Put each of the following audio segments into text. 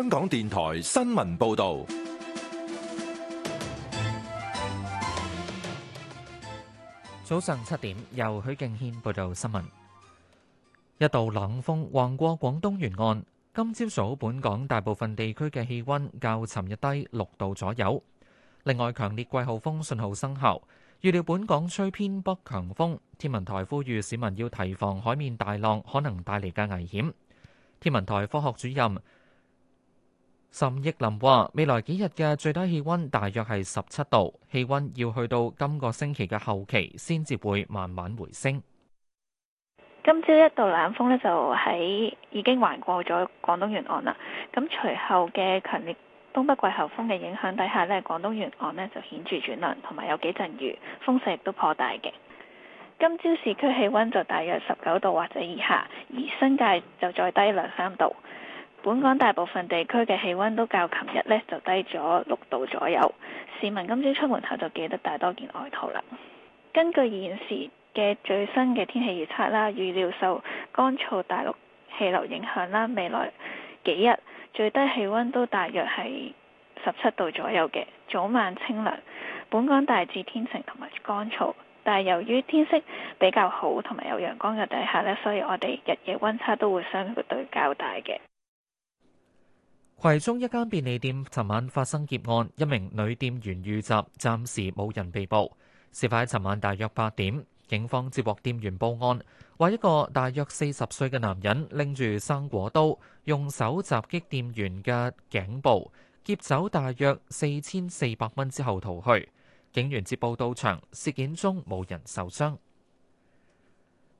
香港電台新聞報道，早上七點，由許敬軒報道新聞。一道冷風橫過廣東沿岸，今朝早本港大部分地區嘅氣溫較尋日低六度左右。另外，強烈季候風信號生效，預料本港吹偏北強風。天文台呼籲市民要提防海面大浪可能帶嚟嘅危險。天文台科學主任。沈益林話：未來幾日嘅最低氣溫大約係十七度，氣溫要去到今個星期嘅後期先至會慢慢回升。今朝一道冷鋒呢，就喺已經橫過咗廣東沿岸啦，咁隨後嘅強烈東北季候風嘅影響底下呢，廣東沿岸呢就顯著轉冷，同埋有幾陣雨，風勢亦都頗大嘅。今朝市區氣溫就大約十九度或者以下，而新界就再低兩三度。本港大部分地區嘅氣溫都較琴日咧，就低咗六度左右，市民今朝出門頭就記得帶多件外套啦。根據現時嘅最新嘅天氣預測啦，預料受乾燥大陸氣流影響啦，未來幾日最低氣溫都大約係十七度左右嘅，早晚清涼。本港大致天晴同埋乾燥，但係由於天色比較好同埋有陽光嘅底下咧，所以我哋日夜溫差都會相對較大嘅。葵涌一間便利店尋晚發生劫案，一名女店員遇襲，暫時冇人被捕。事發喺尋晚大約八點，警方接獲店員報案，話一個大約四十歲嘅男人拎住生果刀，用手襲擊店員嘅頸部，劫走大約四千四百蚊之後逃去。警員接報到場，事件中冇人受傷。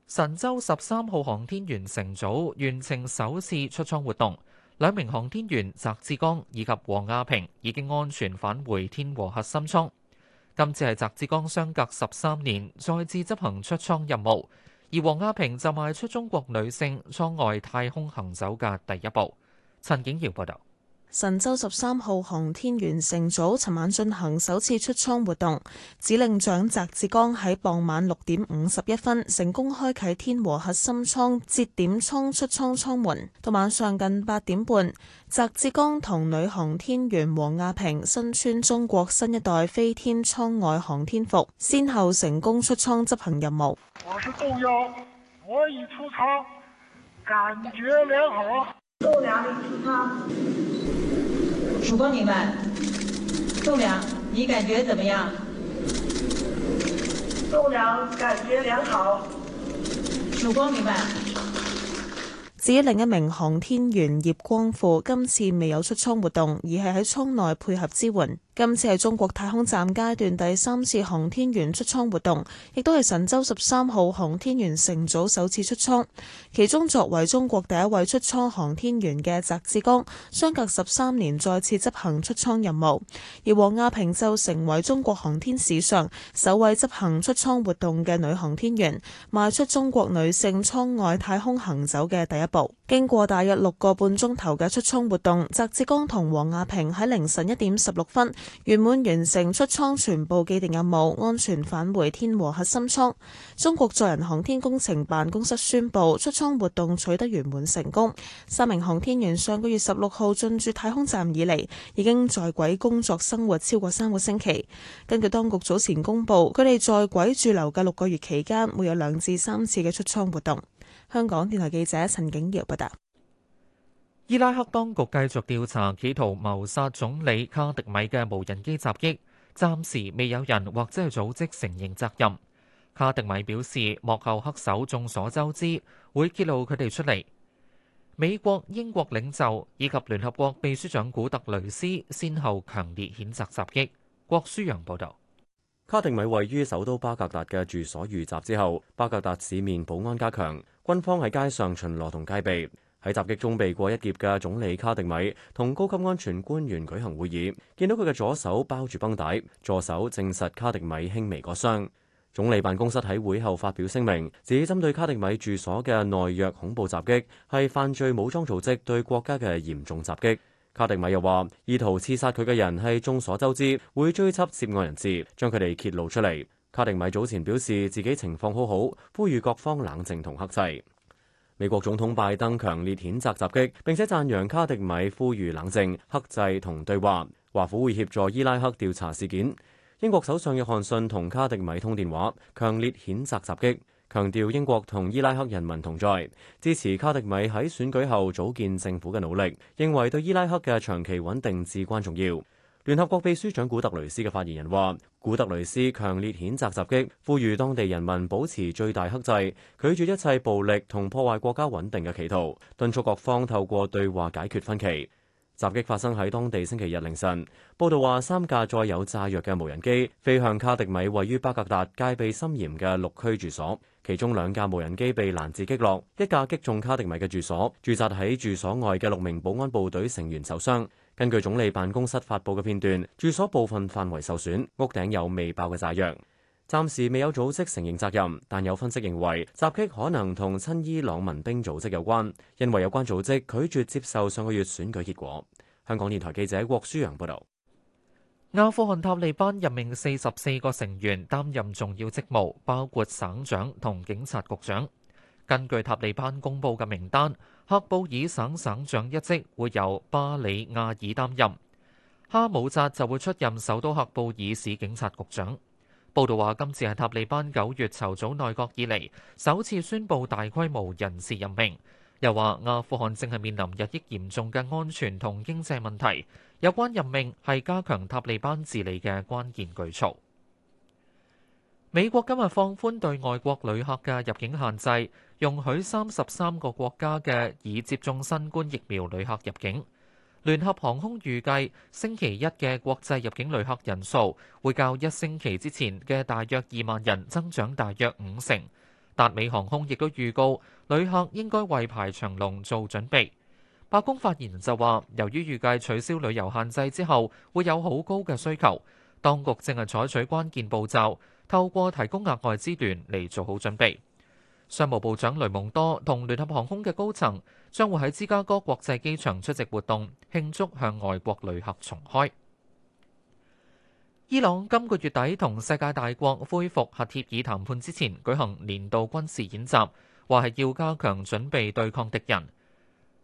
神舟十三號航天員乘組完成首次出艙活動。兩名航天員翟志剛以及王亞平已經安全返回天和核心艙。今次係翟志剛相隔十三年再次執行出艙任務，而王亞平就邁出中國女性艙外太空行走嘅第一步。陳景瑤報道。神舟十三號航天員乘組尋晚進行首次出艙活動，指令長翟志剛喺傍晚六點五十一分成功開啟天和核心艙節點艙出艙艙門，到晚上近八點半，翟志剛同女航天員王亞平身穿中國新一代飛天艙外航天服，先後成功出艙執行任務。我是杜洋，我已出艙，感覺良好啊。杜洋已曙光明白，棟梁，你感覺怎麼樣？棟梁感覺良好。曙光明白。至於另一名航天員葉光富，今次未有出艙活動，而係喺艙內配合支援。今次係中國太空站階段第三次航天員出艙活動，亦都係神舟十三號航天員乘組首次出艙。其中，作為中國第一位出艙航天員嘅翟志剛，相隔十三年再次執行出艙任務。而王亞平就成為中國航天史上首位執行出艙活動嘅女航天員，邁出中國女性艙外太空行走嘅第一步。經過大約六個半鐘頭嘅出艙活動，翟志剛同王亞平喺凌晨一點十六分。圓滿完,完成出艙全部既定任務，安全返回天和核心艙。中國載人航天工程辦公室宣布，出艙活動取得圓滿成功。三名航天員上個月十六號進駐太空站以嚟，已經在軌工作生活超過三個星期。根據當局早前公布，佢哋在軌駐留嘅六個月期間，會有兩至三次嘅出艙活動。香港電台記者陳景瑤報道。伊拉克當局繼續調查企圖謀殺總理卡迪米嘅無人機襲擊，暫時未有人或者係組織承認責任。卡迪米表示，幕後黑手眾所周知，會揭露佢哋出嚟。美國、英國領袖以及聯合國秘書長古特雷斯先後強烈譴責襲，襲擊。郭舒陽報導。卡迪米位於首都巴格達嘅住所遇襲之後，巴格達市面保安加強，軍方喺街上巡邏同戒備。喺襲擊中被過一劫嘅總理卡迪米同高級安全官員舉行會議，見到佢嘅左手包住繃帶，助手證實卡迪米輕微割傷。總理辦公室喺會後發表聲明，指針對卡迪米住所嘅內約恐怖襲擊係犯罪武裝組織對國家嘅嚴重襲擊。卡迪米又話，意圖刺殺佢嘅人係眾所周知，會追緝涉案人士，將佢哋揭露出嚟。卡迪米早前表示自己情況好好，呼籲各方冷靜同克制。美國總統拜登強烈譴責襲擊，並且讚揚卡迪米呼籲冷靜、克制同對話。華府會協助伊拉克調查事件。英國首相約翰遜同卡迪米通電話，強烈譴責襲擊，強調英國同伊拉克人民同在，支持卡迪米喺選舉後組建政府嘅努力，認為對伊拉克嘅長期穩定至關重要。聯合國秘書長古特雷斯嘅發言人話：古特雷斯強烈譴責襲擊，呼籲當地人民保持最大克制，拒絕一切暴力同破壞國家穩定嘅企圖，敦促各方透過對話解決分歧。襲擊發生喺當地星期日凌晨。報道話，三架載有炸藥嘅無人機飛向卡迪米位於巴格達戒備森嚴嘅六區住所，其中兩架無人機被攔截擊落，一架擊中卡迪米嘅住所。駐紮喺住所外嘅六名保安部隊成員受傷。根據總理辦公室發布嘅片段，住所部分範圍受損，屋頂有未爆嘅炸藥。暫時未有組織承認責任，但有分析認為襲擊可能同親伊朗民兵組織有關，因為有關組織拒絕接受上個月選舉結果。香港電台記者郭舒揚報導。阿富汗塔利班任命四十四個成員擔任重要職務，包括省長同警察局長。根據塔利班公佈嘅名單，喀布爾省省省長一職會由巴里亞爾擔任，哈姆扎就會出任首都喀布爾市警察局長。報道話今次係塔利班九月籌組內閣以嚟首次宣布大規模人事任命，又話阿富汗正係面臨日益嚴重嘅安全同經濟問題，有關任命係加強塔利班治理嘅關鍵舉措。美國今日放寬對外國旅客嘅入境限制，容許三十三個國家嘅已接種新冠疫苗旅客入境。聯合航空預計星期一嘅國際入境旅客人數會較一星期之前嘅大約二萬人增長大約五成。達美航空亦都預告，旅客應該為排長龍做準備。白宮發言人就話，由於預計取消旅遊限制之後會有好高嘅需求，當局正係採取關鍵步驟。透過提供額外資源嚟做好準備。商務部長雷蒙多同聯合航空嘅高層將會喺芝加哥國際機場出席活動，慶祝向外國旅客重開。伊朗今個月底同世界大國恢復核協議談判之前舉行年度軍事演習，話係要加強準備對抗敵人。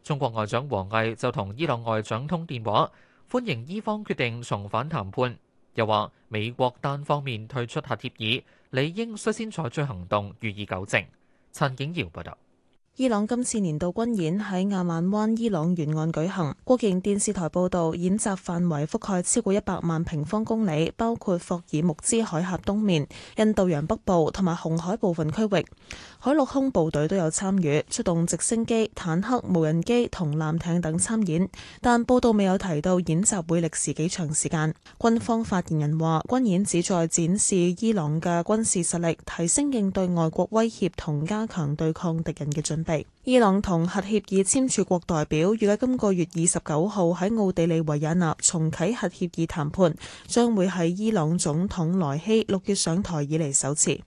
中國外長王毅就同伊朗外長通電話，歡迎伊方決定重返談判。又話美國單方面退出核協議，理應率先採取行動，予以糾正。陳景堯報道。伊朗今次年度軍演喺阿曼灣伊朗沿岸舉行，國營電視台報道，演習範圍覆蓋超過一百萬平方公里，包括霍爾木茲海峽東面、印度洋北部同埋紅海部分區域，海陸空部隊都有參與，出動直升機、坦克、無人機同艦艇等參演。但報道未有提到演習會歷時幾長時間。軍方發言人話軍演旨在展示伊朗嘅軍事實力，提升應對外國威脅同加強對抗敵人嘅準。伊朗同核協議簽署國代表預計今個月二十九號喺奧地利維也納重啟核協議談判，將會係伊朗總統萊希六月上台以嚟首次。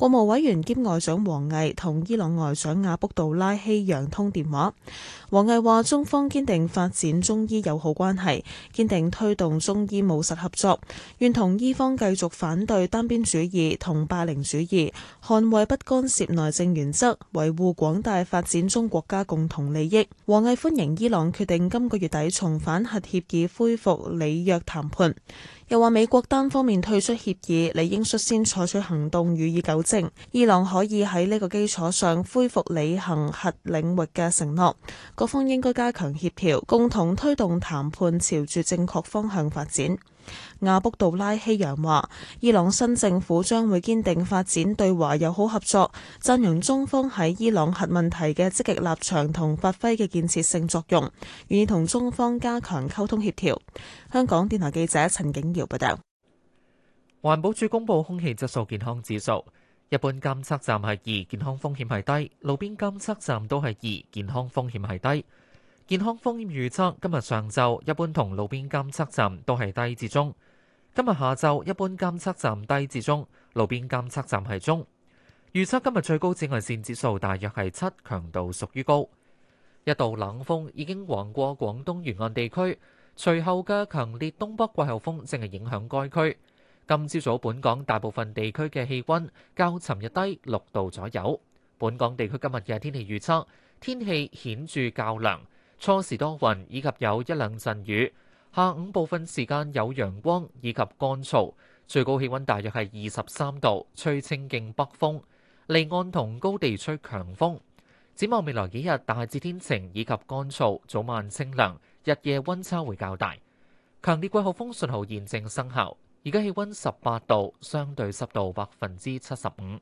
國務委員兼外長王毅同伊朗外長阿卜杜拉希揚通電話。王毅話：中方堅定發展中伊友好關係，堅定推動中伊務實合作，願同伊方繼續反對單邊主義同霸凌主義，捍衛不干涉內政原則，維護廣大發展中國家共同利益。王毅歡迎伊朗決定今個月底重返核協議，恢復履約談判。又話美國單方面退出協議，理應率先採取行動予以糾正。伊朗可以喺呢個基礎上恢復履行核領域嘅承諾。各方應該加強協調，共同推動談判朝住正確方向發展。亞卜杜拉希揚話，伊朗新政府將會堅定發展對華友好合作，讚揚中方喺伊朗核問題嘅積極立場同發揮嘅建設性作用，願意同中方加強溝通協調。香港電台記者陳景堯報道。環保署公布空氣質素健康指數，一般監測站係二，健康風險係低；路邊監測站都係二，健康風險係低。健康風險預測，今日上晝一般，同路邊監測站都係低至中。今日下晝一般監測站低至中，路邊監測站係中。預測今日最高紫外線指數大約係七，強度屬於高。一道冷風已經橫過廣東沿岸地區，隨後嘅強烈東北季候風正係影響該區。今朝早本港大部分地區嘅氣温較尋日低六度左右。本港地區今日嘅天氣預測，天氣顯著較涼。初時多雲，以及有一兩陣雨。下午部分時間有陽光以及乾燥，最高氣温大約係二十三度，吹清勁北風，離岸同高地吹強風。展望未來幾日，大致天晴以及乾燥，早晚清涼，日夜温差會較大。強烈季候風信號現正生效，而家氣温十八度，相對濕度百分之七十五。